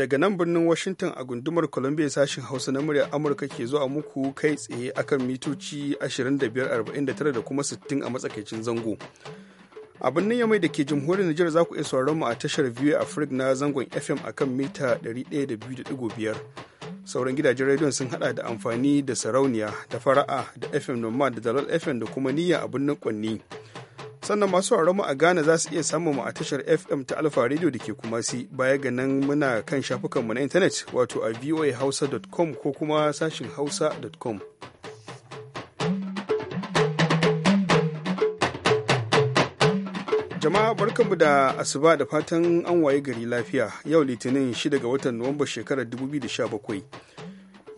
daga nan birnin Washington a gundumar Columbia sashen Hausa na muryar Amurka ke zuwa muku kai tsaye akan mitoci 2549 da kuma 60 a matsakaicin zango. A birnin Yamai da ke jamhuriyar Nijar za ku iya sauraron mu a tashar View Africa na zangon FM akan mita 102.5. Sauran gidajen rediyon sun hada da amfani da sarauniya da fara'a da FM Nomad da Dalal FM da kuma niyya a birnin Kwanni. sannan masu mu a Ghana za su iya samun mu a tashar FM ta Alfa Radio da ke kuma si baya ga nan muna kan shafukanmu na intanet wato a voahausa.com ko kuma sashin hausa.com. Jama'a barkanmu da asuba da fatan an waye gari lafiya yau litinin 6 ga watan Nuwamba shekarar 2017.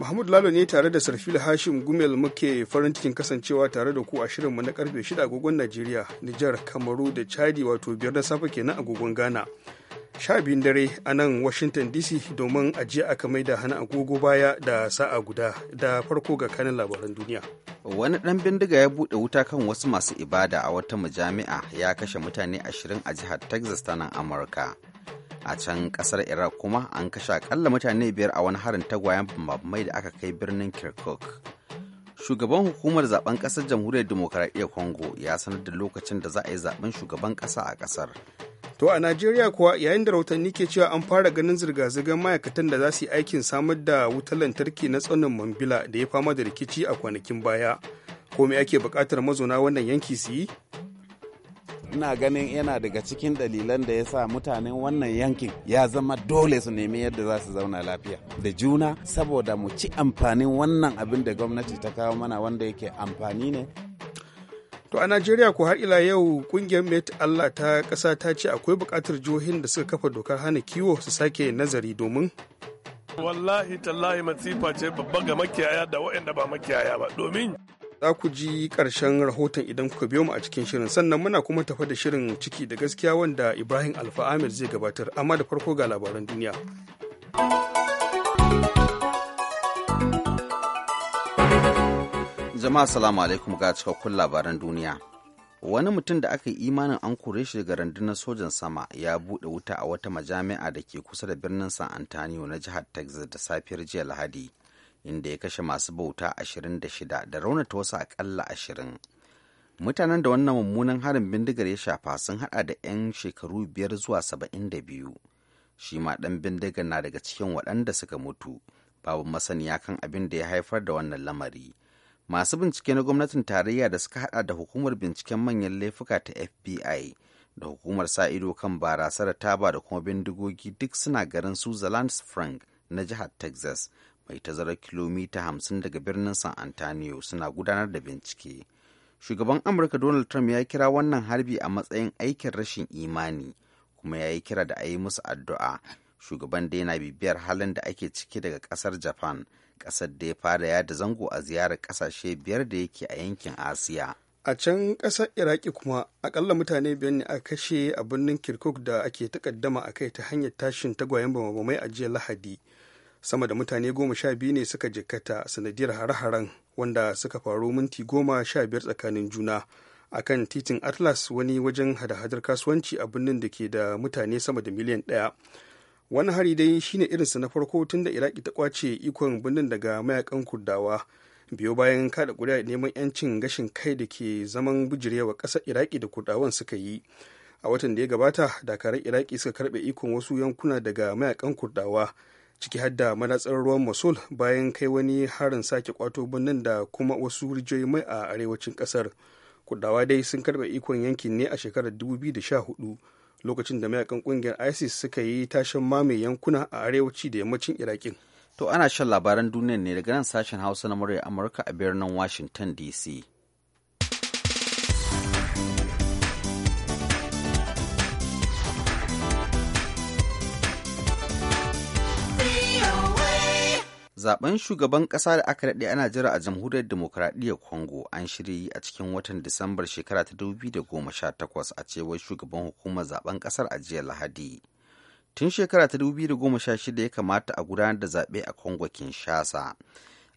Mahmud Lalo ne tare da Sarfil Hashim Gumel muke farin cikin kasancewa tare da ku a shirinmu na karfe 6 agogon Najeriya, Nijar, Kamaru da Chadi wato biyar na safe kenan agogon Ghana. Sha biyun dare a nan Washington DC domin ajiya aka mai da hana agogo baya da sa'a guda da farko ga kanin labaran duniya. Wani ɗan bindiga ya buɗe wuta kan wasu masu ibada a wata majami'a ya kashe mutane ashirin a jihar Texas ta nan Amurka. a can kasar iraq kuma an kashe akalla mutane biyar a wani harin tagwayen bambamai da aka kai birnin kirkuk shugaban hukumar zaben kasar jamhuriyar demokaradiyyar congo ya sanar da lokacin da za a yi zaben shugaban kasa a kasar to a najeriya kuwa yayin da rahotanni ke cewa an fara ganin zirga-zirgar ma'aikatan da za su yi aikin samar da wutar lantarki na tsaunin mambila da ya fama da rikici a kwanakin baya ko ake bukatar mazauna wannan yanki su yi ina ganin yana daga cikin dalilan da ya sa mutanen wannan yankin ya zama dole su nemi yadda za su zauna lafiya da juna saboda mu ci amfanin wannan abin da gwamnati ta kawo mana wanda yake amfani ne To a Najeriya ko har ila yau kungiyar Met Allah ta kasa ta ce akwai bukatar jihohin da suka kafa dokar hana kiwo su sake nazari domin Wallahi tallahi masifa ce babba ga makiyaya da waɗanda ba makiyaya ba domin za ku ji ƙarshen rahoton idan kuka biyo mu a cikin shirin sannan muna kuma tafa da shirin ciki da gaskiya wanda ibrahim alfa amir zai gabatar amma da farko ga labaran duniya jama'a salamu alaikum ga cikakkun labaran duniya wani mutum da aka yi imanin an kore shi daga rundunar sojan sama ya buɗe wuta a wata majami'a da ke kusa da birnin san antonio na jihar texas da safiyar jiya lahadi inda ya kashe masu bauta 26 da raunata wasu akalla 20 mutanen da wannan mummunan harin bindigar ya shafa sun hada da 'yan shekaru biyar zuwa 72 shi ma dan bindigar na daga cikin waɗanda suka mutu babu masaniya kan abin da ya haifar da wannan lamari masu bincike na gwamnatin tarayya da suka hada da hukumar binciken manyan laifuka ta fbi da hukumar sa ido kan barasar da taba da kuma bindigogi duk suna garin switzerland frank na jihar texas mai tazarar kilomita 50 daga birnin san antonio suna gudanar da bincike shugaban amurka donald trump ya kira wannan harbi a matsayin aikin rashin imani kuma ya yi kira da a yi musu addu'a shugaban da yana bibiyar halin da ake ciki daga kasar japan kasar da ya fara yada zango a ziyarar kasashe biyar da yake a yankin asiya a can ƙasar iraki kuma akalla mutane biyar ne a kashe a birnin kirkuk da ake takaddama a kai ta hanyar tashin tagwayen bamabamai a jiya lahadi sama da mutane goma sha biyu ne suka jikkata sanadiyar hare-haren wanda suka faru minti goma sha biyar tsakanin juna a kan titin atlas wani wajen hada-hadar kasuwanci a birnin da ke da mutane sama da miliyan ɗaya wani hari dai shine irinsa na farko tunda da iraki ta kwace ikon birnin daga mayakan kurdawa biyo bayan kada kuri'a neman yancin gashin kai da ke zaman bijirewa ƙasar iraki da kurdawan suka yi a watan da ya gabata dakarar iraki suka karbe ikon wasu yankuna daga mayakan kurdawa ciki har da manatsar ruwan mosul bayan kai wani harin sake kwato birnin da kuma wasu rijiyoyi mai a arewacin kasar kudawa dai sun karbe ikon yankin ne a shekarar 2014 lokacin da mayakan kungiyar isis suka yi tashin mame yankuna a arewaci da yammacin irakin to ana shan labaran duniyar ne daga nan sashen hausa na murya amurka a birnin washington dc zaben shugaban ƙasa da aka daɗe ana jira a jamhuriyar demokuraɗiyyar congo an shirya yi a cikin watan disambar shekara ta 2018 a cewar shugaban hukumar zaben ƙasar a jiya lahadi tun shekara ta 2016 ya kamata a gudanar da zaɓe a congo kinshasa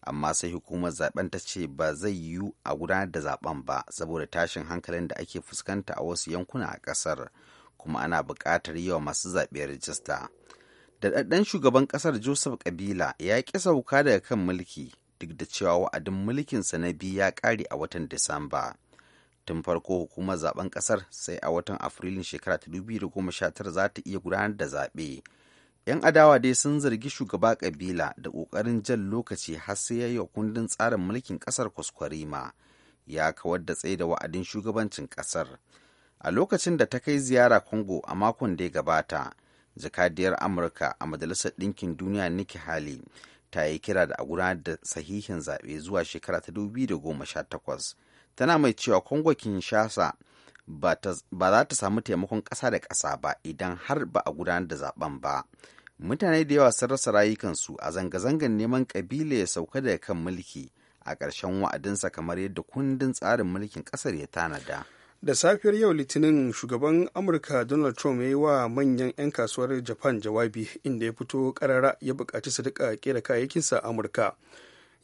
amma sai hukumar zaben ta ce ba zai yiwu a gudanar da zaben ba saboda tashin hankalin da ake fuskanta a wasu yankuna a ƙasar kuma ana buƙatar yi masu zaɓe rajista. daɗaɗɗen shugaban ƙasar joseph kabila ya ƙi sauka daga kan mulki duk da cewa wa'adin mulkinsa na biyu ya ƙare a watan disamba tun farko hukumar zaben ƙasar sai a watan afrilun shekara ta 2019 za ta iya gudanar da zaɓe 'yan adawa dai sun zargi shugaba kabila da ƙoƙarin jan lokaci har sai ya yi wa kundin tsarin mulkin ƙasar kwaskwarima ya kawar da tsaye da wa'adin shugabancin ƙasar a lokacin da ta kai ziyara congo a makon da ya gabata jakadiyar amurka a majalisar ɗinkin duniya nikki hali ta yi kira da a gudanar da sahihin zaɓe zuwa shekara ta 2018 tana mai cewa kongo kinshasa ba za ta samu taimakon ƙasa da ƙasa ba idan har ba a gudanar da zaben ba mutane da yawa sun rasa rayukansu a zanga-zangar neman ƙabila ya sauka daga kan mulki a ƙarshen wa'adinsa kamar yadda kundin tsarin mulkin ƙasar ya tanada. da safiyar yau litinin shugaban amurka donald trump ya yi wa manyan 'yan kasuwar japan jawabi inda ya fito karara ya bukaci su duka kera kayayyakinsa amurka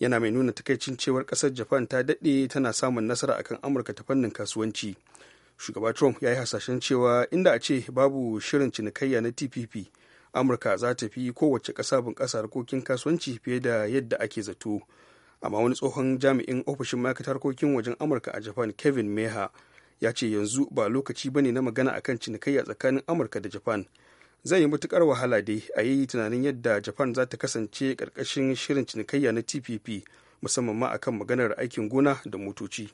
yana mai nuna takaicin cewar ƙasar japan ta daɗe tana samun nasara akan amurka ta fannin kasuwanci shugaba trump ya yi hasashen cewa inda a ce babu shirin cinikayya na tpp amurka za ta fi kowace ƙasa bunƙasa harkokin kasuwanci fiye da yadda ake zato amma wani tsohon jami'in ofishin ma'aikatar harkokin wajen amurka a japan kevin meha ya ce yanzu ba lokaci bane na magana akan cinikayya tsakanin amurka da japan zai yi matukar wahala dai a yi tunanin yadda japan za ta kasance karkashin shirin cinikayya na tpp musamman ma akan maganar aikin gona da motoci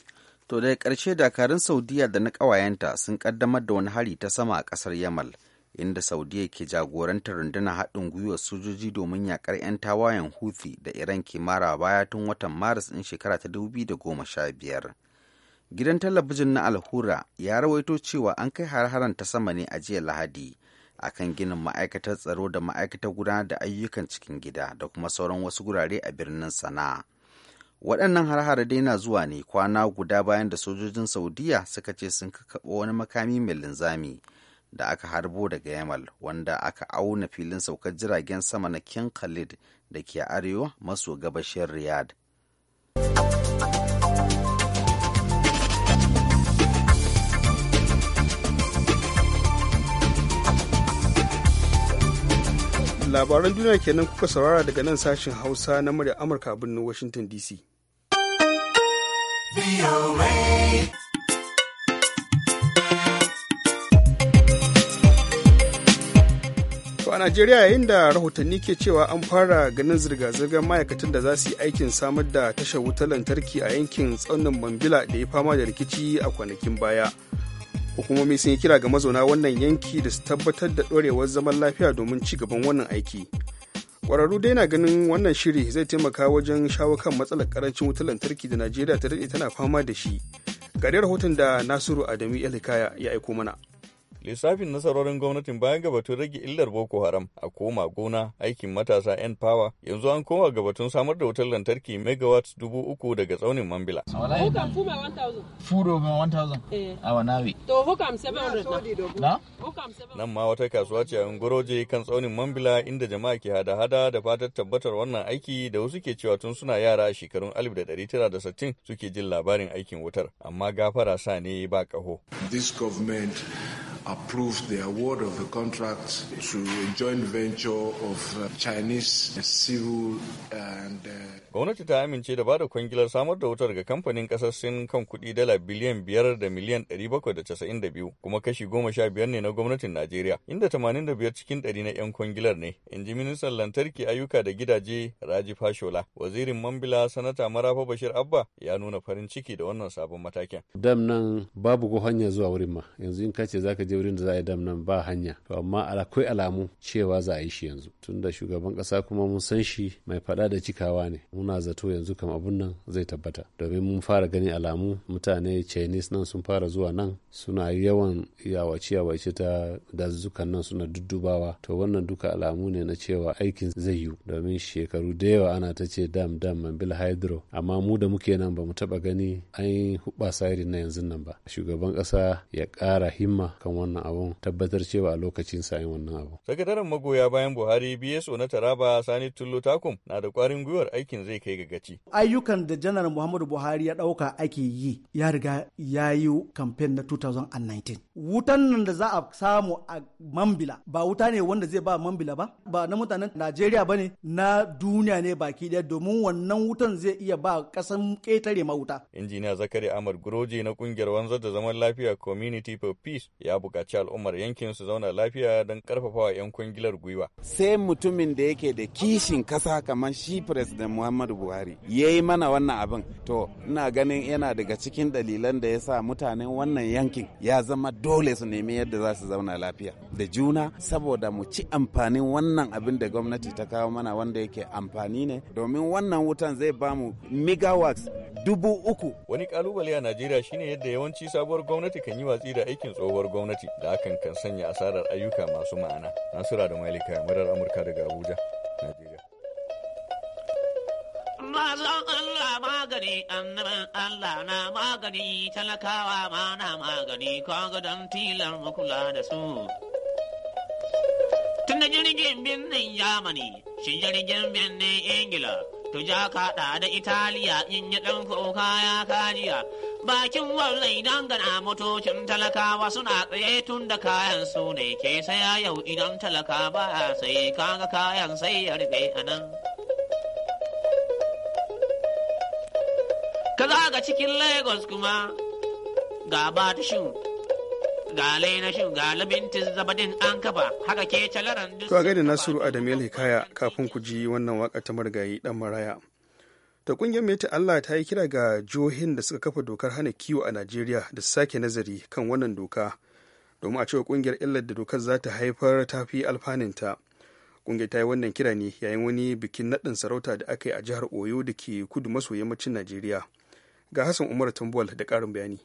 to daga karshe dakarun saudiya da na ƙawayenta sun kaddamar da wani hari ta sama a kasar yamal inda saudiya ke jagorantar rundunar haɗin gwiwar sojoji domin yakar 'yan tawayen houthi da iran ke mara baya tun watan maris ɗin shekara ta 2015 gidan talabijin na alhura ya rawaito cewa an kai har-haren ta sama ne a jiya lahadi a kan ginin ma'aikatar tsaro da ma'aikatar gudanar da ayyukan cikin gida da kuma sauran wasu gurare a birnin sana'a waɗannan har-hare dai na zuwa ne kwana guda bayan da sojojin saudiya suka ce sun kakaɓo wani makami mai linzami da aka harbo daga yamal wanda aka auna filin saukar jiragen sama na king khalid da ke arewa maso gabashin riyadh labaran duniya kenan kuka saurara daga nan sashen hausa na murya amurka birnin washington dc To a Najeriya yayin da rahotanni ke cewa an fara ganin zirga-zirgar ma'aikatan da za su yi aikin samar da tashar wutar lantarki a yankin tsaunin bambila da ya fama da rikici a kwanakin baya. hukumomi sun yi kira ga mazauna wannan yanki da su tabbatar da ɗorewar zaman lafiya domin ci gaban wannan aiki ƙwararru dai na ganin wannan shiri zai taimaka wajen shawo kan matsalar karancin wutar lantarki da najeriya ta daɗe tana fama da shi ga rahoton da nasiru adamu ya aiko mana lissafin nasarorin gwamnatin bayan gabatun rage illar boko haram a koma gona aikin matasa yan power yanzu an koma gabatun samar da wutar lantarki megawatts dubu uku daga tsaunin mambila eh. nan ma wata kasuwa ce a ngoroje kan tsaunin mambila inda jama'a ke hada-hada da fatar tabbatar wannan aiki da wasu ke cewa tun suna yara a shekarun 1960 suke jin labarin aikin wutar amma gafara sa ne ba kaho. approved the award of the contract to a joint venture of uh, Chinese civil and uh, Gwamnati ta amince da bada kwangilar samar da wutar ga kamfanin kasar Sin kan kuɗi dala biliyan biyar da miliyan ɗari bakwai da casa'in da biyu kuma kashi goma sha biyar ne na gwamnatin Najeriya inda tamanin da biyar cikin ɗari na 'yan kwangilar ne. In ji ministan lantarki ayyuka da gidaje Raji Fashola. Wazirin Mambila Sanata Marafa Bashir Abba ya nuna farin ciki da wannan sabon matakin. Dam nan babu ko hanya zuwa wurin ma yanzu in ka ce je wurin da za a yi dam nan ba hanya to amma akwai alamu cewa za a yi shi yanzu tun da shugaban kasa kuma mun san shi mai fada da cikawa ne muna zato yanzu kam abun nan zai tabbata domin mun fara gani alamu mutane chinese nan sun fara zuwa nan suna yawan yawace yawace ta zukan nan suna duddubawa to wannan duka alamu ne na cewa aikin zai yiwu domin shekaru da yawa ana ta ce dam dam man bil hydro amma mu da muke nan ba mu taba gani an yi huɓa irin na yanzu nan ba shugaban kasa ya kara himma kan wannan abun tabbatar cewa a lokacin sa wannan abu. Sakataren magoya bayan Buhari BSO na Taraba Sani Tullo Takum na da kwarin gwiwar aikin zai kai ga gaci. Ayyukan da Janar Muhammadu Buhari ya dauka ake yi ya riga ya yi kamfen na 2019. Wutan nan da za a samu a Mambila ba wuta ne wanda zai ba Mambila ba ba na mutanen Najeriya ba ne na duniya ne baki daya domin wannan wutan zai iya ba kasan ketare ma wuta. Injiniya Zakari Ahmad Guroje na kungiyar wanzar da zaman lafiya Community for Peace ya bukaci al'ummar yankin su zauna lafiya don karfafa wa 'yan kungilar gwiwa. Sai mutumin da yake da kishin kasa kamar shi President Muhammadu Buhari ya yi mana wannan abin. To, ina ganin yana daga cikin dalilan da ya sa mutanen wannan yankin ya zama dole su nemi yadda za su zauna lafiya. da juna saboda mu ci amfanin wannan abin da gwamnati ta kawo mana wanda yake amfani ne domin wannan wutan zai ba mu megawatts dubu uku. Wani kalubale a Najeriya shine yadda yawanci sabuwar gwamnati kan yi watsi da aikin tsohuwar gwamnati da hakan kan sanya asarar ayyuka masu ma'ana. Nasura da Malika, murar Amurka daga Abuja, Najeriya. Mazan Allah magani, annaban Allah na magani, talakawa ma na magani, kaga don tilar makula da su. Wanda jirgin birnin Yamani, shi jirgin birnin Ingila, to ja kaɗa da Italiya in yi ɗan kuka ya kajiya. Bakin wallai dangana motocin talakawa suna tsaye tun da kayan su ne ke saya yau idan talaka ba sai kaga kayan sai ya rufe a nan. Ka zaga cikin Lagos kuma ga batashin ga shin zabadin an kafa haka ke calaran duk to ga da nasiru ya hikaya kafin ku ji wannan waka ta margayi dan maraya ta kungiyar mai Allah ta yi kira ga jihohin da suka kafa dokar hana kiwo a Najeriya da sake nazari kan wannan doka domin a cewa ƙungiyar illar da dokar za ta haifar ta fi alfaninta kungiyar ta yi wannan kira ne yayin wani bikin naɗin sarauta da aka yi a jihar Oyo da ke kudu maso yammacin Najeriya ga Hassan Umar Tambuwal da ƙarin bayani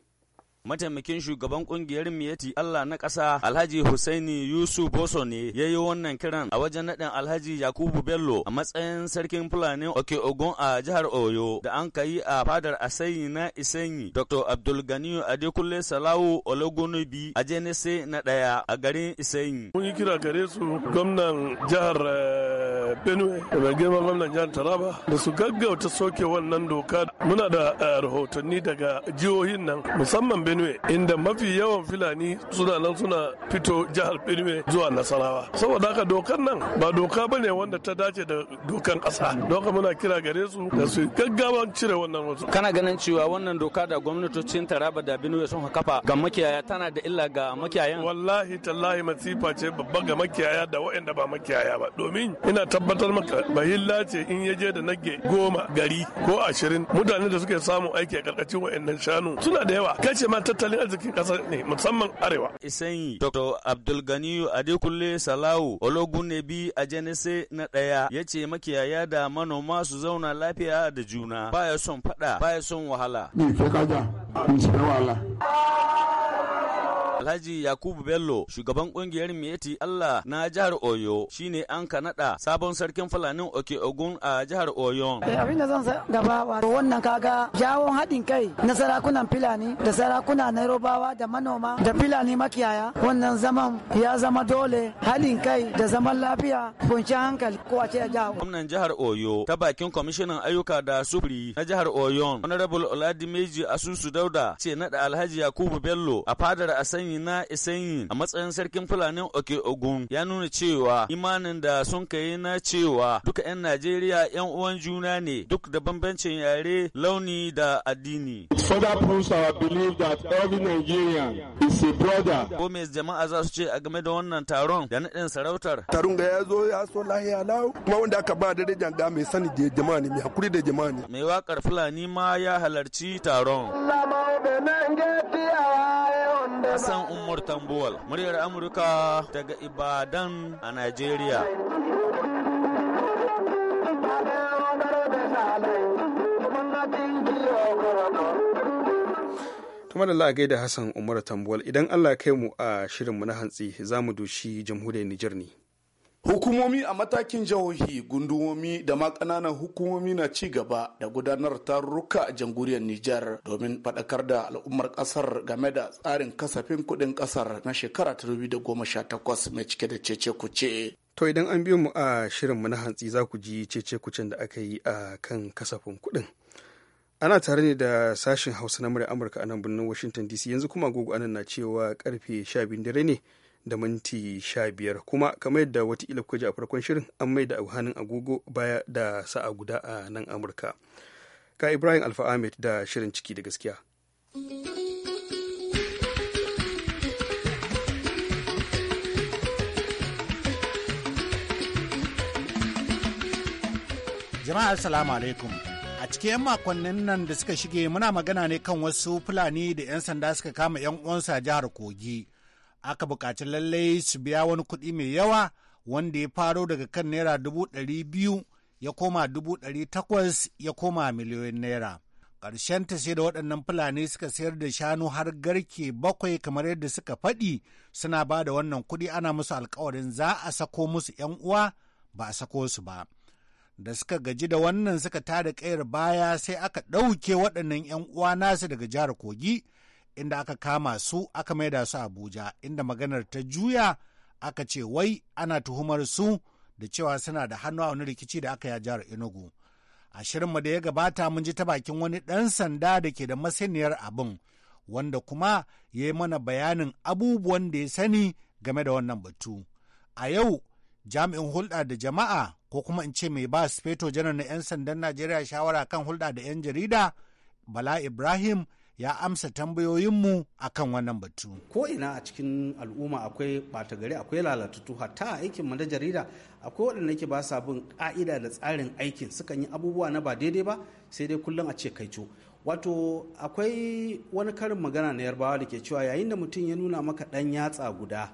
mataimakin shugaban kungiyar miyati Allah na ƙasa Alhaji Husaini Yusuf Boso ne ya yi wannan kiran a wajen naɗin Alhaji Yakubu Bello a matsayin sarkin Fulani Oke Ogun a jihar Oyo da an kayi a fadar Asayi na isanyi. Dr. Abdul Ganiyu Adekunle Salawu Ologunubi a Jenese na ɗaya a garin isanyi. Mun yi kira gare su gwamnan jihar eh, benue da mai girma gwamnan jihar taraba da su gaggauta soke wannan doka muna da eh, rahotanni daga jihohin nan musamman benue inda mafi yawan fulani suna nan suna fito jihar benue zuwa nasarawa saboda haka dokar nan ba doka ba ne wanda ta dace da dokan kasa doka muna kira gare su da su gaggawa cire wannan wasu kana ganin cewa wannan doka da gwamnatocin taraba da benue sun kafa ga makiyaya tana da illa ga makiyayan wallahi tallahi masifa ce babba ga makiyaya da waɗanda ba makiyaya ba domin ina tabbatar maka bahilla ce in ya je da nage goma gari ko ashirin mutane da suke samu aiki a karkashin wa'annan shanu suna da yawa kace ma tattalin arzikin kasar ne musamman arewa. yi Dr. ganiyu Adekunle Salawu bi a Jenese na ɗaya ya ce makiyaya da manoma su zauna lafiya da juna baya son faɗa baya son wahala. Ni ke kaja, ni wahala. Alhaji Yakubu Bello, shugaban kungiyar meti. Allah na jihar Oyo, shine an kanada sabon sarkin Fulanin Oke Ogun a jihar Oyo. Abin da zan gaba wato wannan kaga jawon haɗin kai na sarakunan Fulani da sarakuna na Nairobawa da manoma da Fulani makiyaya wannan zaman ya zama dole haɗin kai da zaman lafiya kunci hankali ko a jihar. Gwamnan jihar Oyo ta bakin kwamishinan ayyuka da sufuri na jihar Oyo Honorable Oladimeji Asusu Dauda ce nada Alhaji Yakubu Bello a fadar a sanya Fulani na Isenyin a matsayin sarkin Fulanin Oke Ogun ya nuna cewa imanin da sun kai na cewa duka 'yan Najeriya 'yan uwan juna ne duk da bambancin yare launi da addini. Further our belief that is a brother. Gomez jama'a za su ce a game da wannan taron da naɗin sarautar. Taron ga ya zo ya so lahiya lau kuma wanda aka ba da rijan ga mai sani da jama'a ne mai hakuri da jama'a ne. Mai wakar Fulani ma ya halarci taron. Hassan Umar Tambuwal, muryar Amurka daga Ibadan a Najeriya. kuma da la'agai da Hassan Umar Tambuwal idan Allah kai mu a shirinmu na hantsi za mu dushi jamhuriyar Nijar ne. Hukumomi a matakin jihohi, gundumomi da ma ƙananan hukumomi na ci gaba da gudanar tarurruka a jamhuriyar Nijar domin faɗakar da al'ummar ƙasar game da tsarin kasafin kuɗin kasar na shekara ta da goma sha takwas mai cike da cece kuce. To idan an biyo mu a shirin mu na hantsi za ku ji cece kucen da aka yi a kan kasafin kuɗin. Ana tare ne da sashen Hausa na murya Amurka a nan birnin Washington DC yanzu kuma agogo anan na cewa karfe biyu dare ne da minti sha biyar kuma kamar yadda wata kuka ji a farkon shirin an mai da hannun agogo baya da sa'a guda a nan amurka ka ibrahim alfa ahmed da shirin ciki da gaskiya jama'a assalamu alaikum a cikin 'yan makonnin nan da suka shige muna magana ne kan wasu fulani da 'yan sanda suka kama 'yan uwansa jihar kogi aka buƙaci lallai su biya wani kuɗi mai yawa wanda ya faro daga kan naira dubu ɗari biyu ya koma dubu ɗari takwas ya koma miliyoyin naira. Ƙarshen ta sai da waɗannan fulani suka sayar da shanu har garke bakwai kamar yadda suka faɗi suna ba da wannan kuɗi ana musu alkawarin za a sako musu 'yan uwa ba a sako su ba. Da suka gaji da wannan suka tada ƙayar baya sai aka ɗauke waɗannan 'yan uwa nasu daga jihar Kogi inda aka kama su aka maida su Abuja inda maganar ta juya aka ce wai ana tuhumar su da cewa suna da hannu a wani rikici da aka yi a jihar Enugu. A shirinmu da ya gabata mun ji ta bakin wani ɗan sanda da ke da masaniyar abin wanda kuma ya yi mana bayanin abubuwan da ya sani game da wannan batu. A yau jami'in hulɗa da jama'a ko kuma in ce mai ba feto janar na 'yan sandan Najeriya shawara kan hulɗa da 'yan jarida Bala Ibrahim ya amsa tambayoyinmu a kan wannan batu. Ko ina a cikin al'umma akwai ɓata gari akwai lalatutu hatta aikin mu na jarida akwai waɗanda ke ba sa bin ƙa'ida da tsarin aikin sukan yi abubuwa na ba daidai ba sai dai kullum a ce kaico. Wato akwai wani karin magana na yarbawa da ke cewa yayin da mutum ya nuna maka ɗan yatsa guda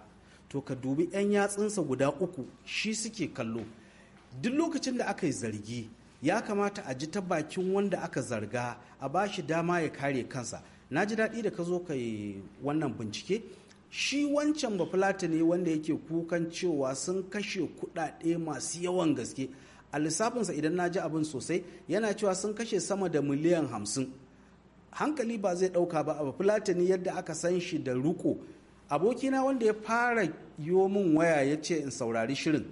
to ka dubi 'yan yatsunsa guda uku shi suke kallo. Duk lokacin da aka yi zargi ya kamata a ji ta bakin wanda aka zarga a ba shi dama ya kare kansa na ji daɗi da ka zo ka yi wannan bincike shi wancan bafulata ne wanda yake kukan cewa sun kashe kuɗaɗe masu yawan gaske a lissafinsa idan na ji abin sosai yana cewa sun kashe sama da miliyan hamsin hankali ba zai ɗauka ba a ne yadda aka san shi da ruko abokina wanda ya fara yo min waya ya ce in saurari shirin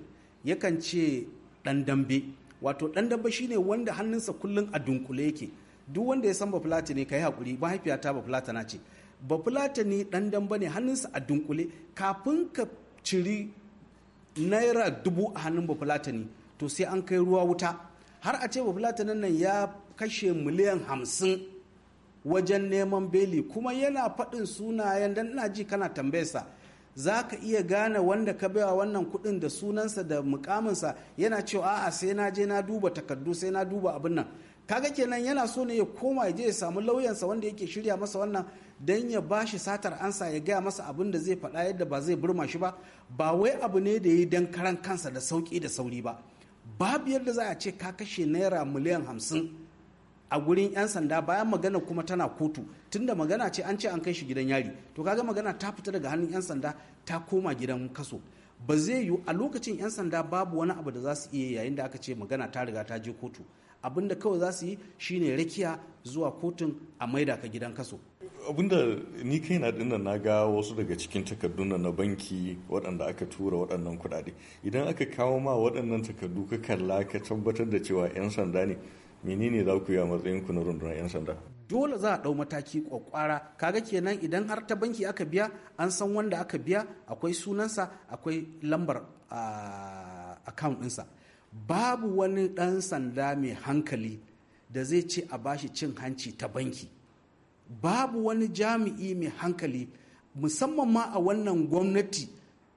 yakan ce ɗan dambe wato dan dabba shine wanda hannunsa kullum a dunkule yake duk wanda ya san ba fulata ne yi hakuri mahaifiyata ba na ce ba fulata ne ɗan damba ne hannunsa a dunkule kafin ka ciri naira dubu a hannun ba ne to sai an kai ruwa wuta har a ce ba fulata nan ya kashe miliyan hamsin wajen neman beli kuma yana faɗin sunayen dan ina ji kana tambayarsa za ka iya gane wanda ka baiwa wannan kuɗin da sunansa da mukaminsa yana cewa a'a sai na je na duba takardu sai na duba abin nan kaga kenan yana so ne ya koma ya je ya samu lauyansa wanda yake shirya masa wannan don ya ba shi satar ansa ya gaya masa abin da zai faɗa yadda ba zai burma shi ba ba wai abu ne da ya yi don karan kansa da sauki da sauri ba babu yadda za a ce ka kashe naira miliyan hamsin a gurin 'yan sanda bayan magana kuma tana kotu tunda magana ce an ce an kai shi gidan yari to kaga magana ta fita daga hannun 'yan sanda ta koma gidan kaso ba zai yiwu a lokacin 'yan sanda babu wani abu da za su iya yayin da aka ce magana ta riga ta je kotu abin da kawai za su yi shine rakiya zuwa kotun a maida ka gidan kaso abinda ni kai na na ga wasu daga cikin takardun na banki waɗanda aka tura waɗannan kuɗaɗe idan aka kawo ma waɗannan takardu ka kalla ka tabbatar da cewa 'yan sanda ne menene za ku yi a matsayin ku na rundunar 'yan sanda dole za a ɗau mataki kwakwara kaga kenan idan har ta banki aka biya an san wanda aka biya akwai sunansa akwai lambar account ɗinsa babu wani ɗan sanda mai hankali da zai ce a bashi cin hanci ta banki babu wani jami'i mai hankali musamman ma a wannan gwamnati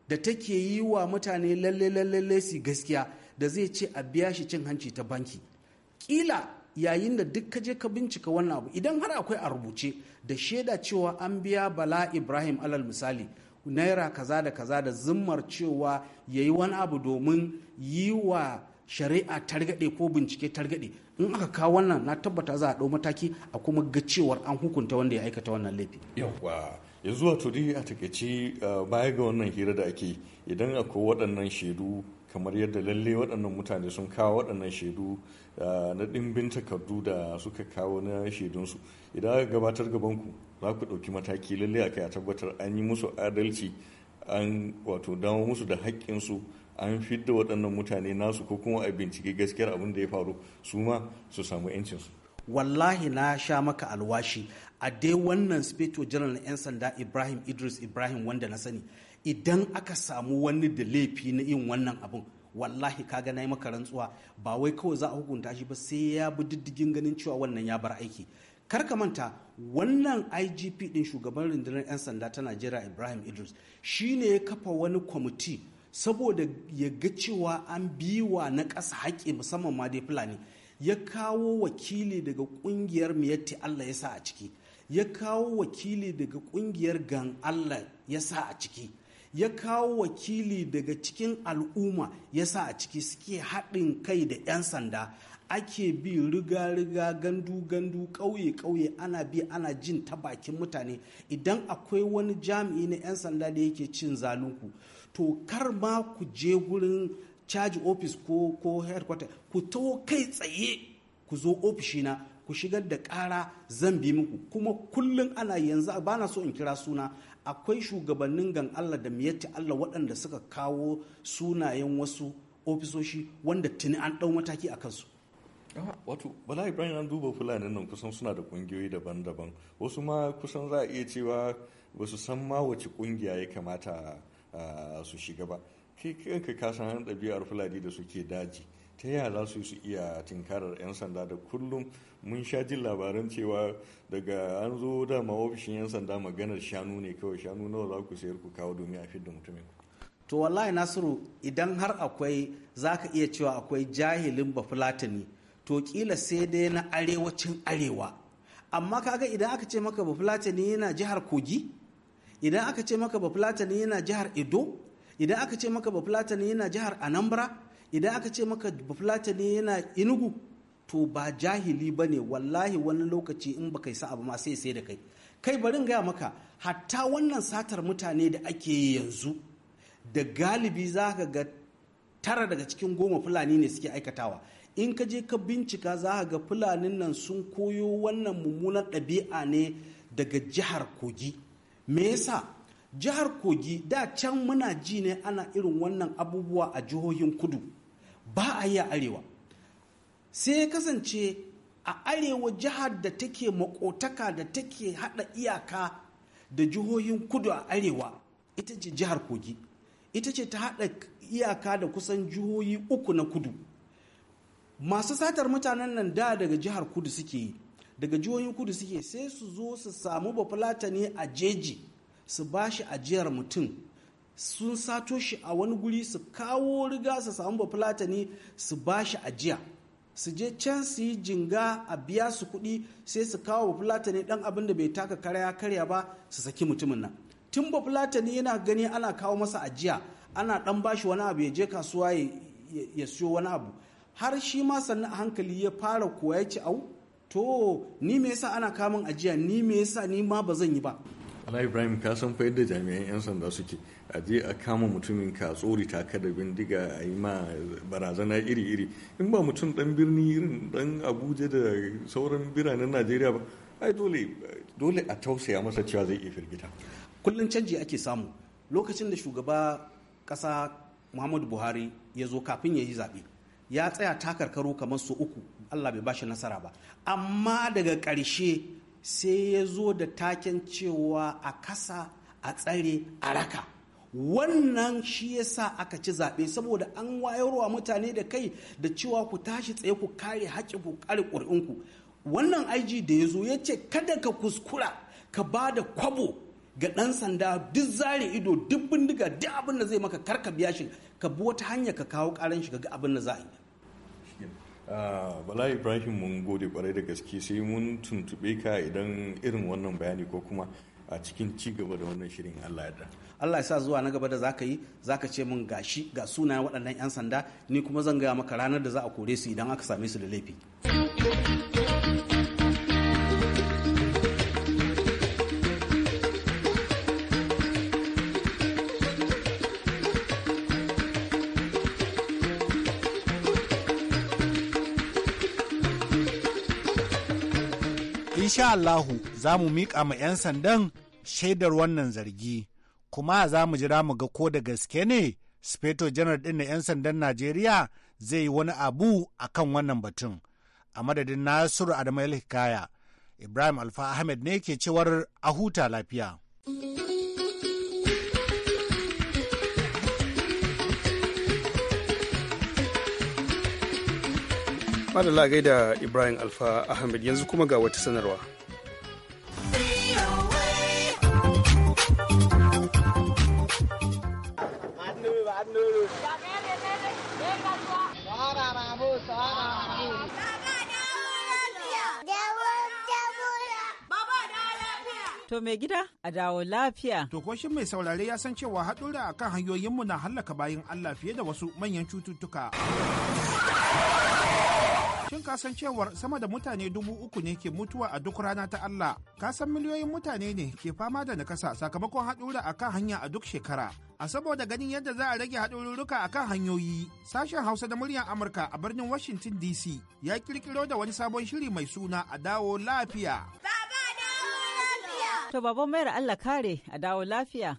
da take yi wa mutane lalle lalle su gaskiya da zai ce a biya shi cin hanci ta banki kila yayin da duk ka je ka bincika wannan abu idan har akwai a rubuce da shaida cewa an biya bala ibrahim alal misali naira kaza da kaza da zimmar cewa ya yi wani abu domin yi wa shari'a targaɗe ko bincike targaɗe in aka kawo wannan na tabbata za a ɗau mataki a kuma ga cewar an hukunta wanda ya aikata wannan laifi yawwa yanzu wato dai a takaice baya ga wannan hira da ake idan akwai waɗannan shaidu kamar yadda lalle waɗannan mutane sun kawo waɗannan shaidu Eh, na ɗimbin takardu da suka kawo na shaidunsu idan aka gabatar gabanku za ku ɗauki mataki lallai akai a tabbatar an yi musu adalci an wato dawo musu da haƙƙinsu an fidda waɗannan mutane nasu ko kuma a bincike gaskiyar abin da ya faru su ma su samu 'yancinsu wallahi na sha maka alwashi a dai wannan speto general 'yan sanda ibrahim idris ibrahim wanda na sani idan aka samu wani da laifi na yin wannan abun wallahi kaga na yi maka rantsuwa ba wai kawai za a hukunta shi ba sai ya bi diddigin ganin cewa wannan ya bar aiki kar ka manta wannan igp din shugaban rundunar 'yan sanda ta najeriya ibrahim idris shi ne ya kafa wani kwamiti saboda ya ga cewa an biwa na ƙasa haƙƙi musamman ma dai fulani ya kawo wakili daga ƙungiyar miyatti allah ya sa a ciki ya kawo wakili daga ƙungiyar gan allah ya sa a ciki ya kawo wakili daga cikin al'umma ya sa a ciki suke haɗin kai da 'yan sanda ake bi riga-riga gandu-gandu ƙauye-ƙauye ana bi ana jin ta bakin mutane idan akwai wani jami'i na 'yan sanda da yake cin zalunku to kar ma ku je gurin caji ofis ko ko headquarter ku taho kai tsaye ku zo ofishina ku shigar da ƙara zan bi muku kuma kullum ana yanzu ba na so in kira suna akwai shugabannin gan Allah da miyatti Allah waɗanda suka kawo sunayen wasu ofisoshi wanda tuni an ɗau mataki a kansu. wato bala ibrahim an duba fulani nan kusan suna da kungiyoyi daban-daban wasu ma kusan za a iya cewa ba su san ma wace kungiya ya kamata ah, su shiga ba kai kanka ka san ɗabi'ar fulani da suke daji ta yaya za su iya tinkarar 'yan sanda da kullum mun sha jin labaran cewa daga an zo dama ofishin 'yan sanda maganar shanu ne kawai shanu nawa za ku sayar ku kawo domin a fidda mutumin to wallahi nasiru idan har akwai za ka iya cewa akwai jahilin bafulatani to kila sai dai na arewacin arewa amma kaga idan aka ce maka bafulatani yana jihar kogi idan aka ce maka bafulatani yana jihar edo idan aka ce maka bafulatani yana jihar anambra idan aka ce maka bafulata ne yana inugu to ba jahili ba ne wallahi wani lokaci in baka sa abu ma sai sai da kai kai barin gaya maka hatta wannan satar mutane da ake yi yanzu da galibi za ka ga tara daga cikin goma fulani ne suke aikatawa in ka je ka bincika za ka ga fulanin nan sun koyo wannan mummunar ɗabi'a ne daga jihar kogi me yasa jihar kogi da can muna ji ne ana irin wannan abubuwa a jihohin kudu ba a yi a arewa sai ya kasance a arewa jihar da take makotaka da take hada iyaka da jihohin kudu a arewa ita ce jihar kogi ita ce ta hada iyaka da kusan jihohi uku na kudu masu satar mutanen nan da daga jihar kudu suke yi daga jihohin kudu suke sai su zo su samu bafulatani a jeji su ba shi ajiyar mutum sun sato shi a wani guri su kawo riga su samu bafulatani su ba shi ajiya su je can su yi jinga a biya su kuɗi sai su kawo bafulatani ɗan abin da bai taka karya karya ba su saki mutumin nan tun bafulatani yana gani ana kawo masa ajiya ana ɗan ba shi wani abu ya je kasuwa ya siyo wani abu har shi ma sannan hankali ya fara koya ci au to ni me yasa ana kamun ajiya ni me yasa ni ma ba zan yi ba ala ibrahim ka san fayar da jami'an 'yan sanda suke a je a kama mutumin ka tsori taka da bindiga a yi ma barazana iri-iri in ba mutum dan birni irin dan abuja da sauran biranen najeriya ba ai dole dole a tausaya masa cewa zai iya firgita kullum canji ake samu lokacin da shugaba kasa muhammadu buhari ya zo kafin ya yi zaɓe ya tsaya takarkaru kamar su uku allah bai ba shi nasara ba amma daga ƙarshe sai ya zo da taken cewa a kasa a tsare a raka wannan shi yasa aka ci zaɓe saboda an wayarwa mutane da kai da cewa ku tashi tsaye ku kare haƙƙi ku kare ƙuri'unku wannan aiji da ya zo ya ce kada ka kuskura ka ba da kwabo ga ɗan sanda duk zare ido duk bindiga duk abin da zai maka karka biya shi ka bi wata hanya ka kawo ƙaran shiga ga abin da za a yi Ah, bala ibrahim mun gode kwarai da gaske sai mun tuntube ka idan irin wannan bayani ko kuma a cikin ci gaba da wannan shirin Allah ya Allah ya sa zuwa na gaba da zaka yi zaka ce mun gashi ga suna waɗannan 'yan sanda ni kuma zan gaya maka ranar da za a kore su idan aka same su da laifi. insha Allahu za mu miƙa ma 'yan sandan shaidar wannan zargi, kuma za mu jira mu ga ko da gaske ne Speto Janar ɗin na 'yan sandan Najeriya zai yi wani abu a kan wannan batun. A madadin Nasiru Adamu Hikaya, Ibrahim Alfa Ahmed ne ke cewar a huta lafiya. Madalla gaida Ibrahim Alfa Ahmed yanzu kuma ga wata sanarwa. To mai gida a dawo lafiya. To ko mai saurare ya san cewa haɗura akan hanyoyinmu na hallaka bayan Allah fiye da wasu manyan cututtuka. Shin cewar sama da mutane dubu uku ne ke mutuwa a duk rana ta Allah, kasan miliyoyin mutane ne ke fama da nakasa sakamakon haɗura a kan hanya a duk shekara. A saboda ganin yadda za a rage haɗururruka a kan hanyoyi, sashen Hausa da muryar Amurka a birnin Washington DC ya ƙirƙiro da wani sabon shiri mai suna a dawo lafiya. To baban mayar Allah kare a dawo lafiya.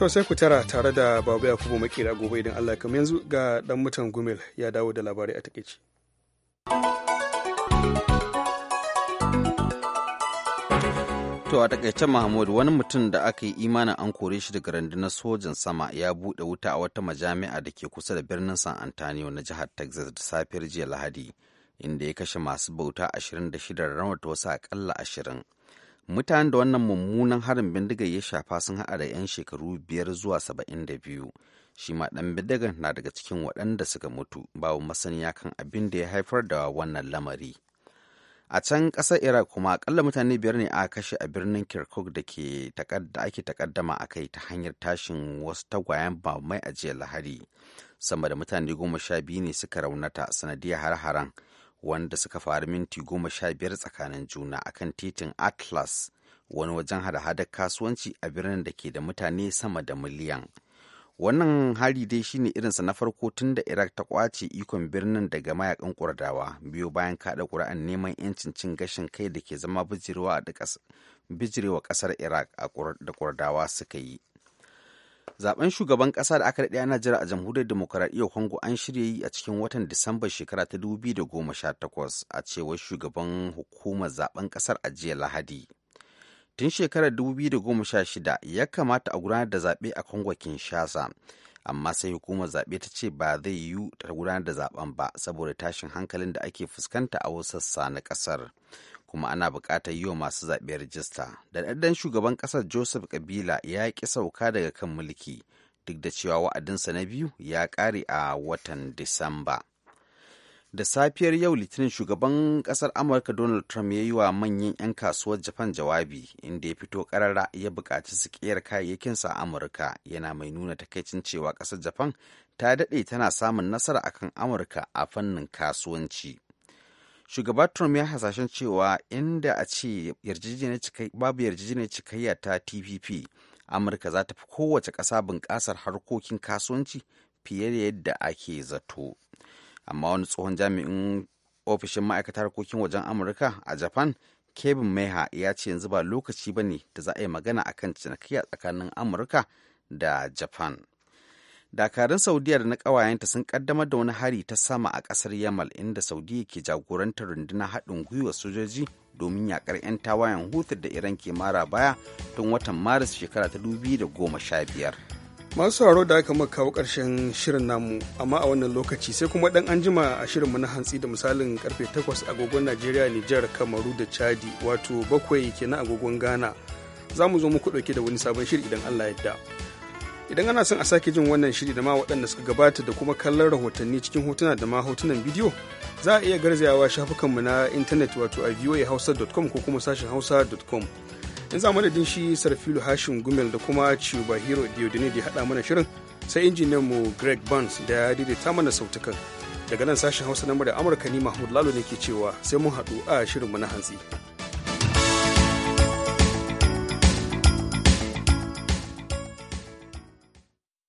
To sai ku tara tare da Babu Yakubu Makera gobe idan Allah kama yanzu ga dan mutan Gumel ya dawo da labarai a takaici. To a takaice Mahmud wani mutum da aka yi imanin an kore shi daga rundunar sojan sama ya buɗe wuta a wata majami'a da ke kusa da birnin San Antonio na jihar Texas da safiyar jiya Lahadi inda ya kashe masu bauta 26 ranar ta wasu akalla 20. mutanen da wannan mummunan harin bindigar ya shafa sun haɗa da 'yan shekaru biyar zuwa saba'in da biyu shi ma ɗan bindigar na daga cikin waɗanda suka mutu babu masaniya kan abin da ya haifar da wannan lamari a can ƙasar iraq kuma akalla mutane biyar ne aka kashe a birnin kirkuk da ake takaddama a kai ta hanyar tashin wasu tagwayen bamai mai ajiyar lahari sama da mutane goma sha biyu ne suka raunata sanadiyar har-haren har haren wanda suka faru minti goma sha biyar tsakanin juna akan titin atlas wani wajen hada-hadar kasuwanci a birnin da ke da mutane sama da miliyan wannan hari dai shine irinsa na farko tun da iraq ta kwace ikon birnin daga mayakan kurdawa biyo bayan kada ƙuri'an neman yancin cin gashin kai da ke zama bijirewa ƙasar iraq da kurdawa suka yi zaben shugaban kasa da aka daɗe ana jira a jamhuriyar demokaradiyyar congo an shirya yi a cikin watan disamba shekara ta 2018 a cewar shugaban hukumar zaben kasar a jiya lahadi tun shekarar 2016 ya kamata a gudanar da zaɓe a kongo kinshasa amma sai hukumar zaɓe ta ce ba zai yiwu ta gudanar da zaben ba saboda tashin hankalin da ake fuskanta a wasu sassa na ƙasar kuma ana buƙatar yi wa masu zaɓe rajista da ɗaɗɗan shugaban ƙasar joseph kabila ya ƙi sauka daga kan mulki duk da cewa wa'adinsa na biyu ya ƙare a watan disamba da safiyar yau litinin shugaban ƙasar amurka donald trump ya yi wa manyan 'yan kasuwar japan jawabi inda ya fito ƙarara ya buƙaci su ƙiyar kayayyakinsa a amurka yana mai nuna takaicin cewa ƙasar japan ta daɗe tana samun nasara akan amurka a fannin kasuwanci shugaba trump ya hasashen cewa inda a ce babu yarjejeniyar cikayya ta tpp amurka za ta fi kowace ƙasa bunƙasar harkokin kasuwanci fiye da yadda ake zato amma wani tsohon jami'in ofishin ma'aikatar harkokin wajen amurka a japan kevin meha ya ce yanzu ba lokaci ba ne da za a yi magana akan cinikayya tsakanin amurka da japan dakarun saudiya da na kawayenta sun kaddamar da wani hari ta sama a ƙasar yamal inda saudiya ke jagorantar rundunar haɗin gwiwa sojoji domin yakar 'yan tawayen hutu da iran ke mara baya tun watan maris shekara ta da goma sha biyar. masu sauraro da aka maka kawo ƙarshen shirin namu amma a wannan lokaci sai kuma ɗan anjima a shirinmu na hantsi da misalin karfe 8 agogon najeriya nijar kamaru da chadi wato bakwai kenan agogon ghana za mu zo muku ɗauke da wani sabon shiri idan allah ya yadda. idan ana son a sake jin wannan shiri da ma waɗanda suka gabata da kuma kallon rahotanni cikin hotuna da ma hotunan bidiyo za a iya garzayawa shafukanmu na intanet wato a voahausa.com ko kuma sashen hausa.com in za mu madadin shi sarfilu hashin gumel da kuma ciuba hero diodine da haɗa mana shirin sai injiniyan mu greg burns da ya daidaita mana sautukan daga nan sashen hausa na murya amurka ni mahmud lalo ne ke cewa sai mun haɗu a shirin mu na hantsi.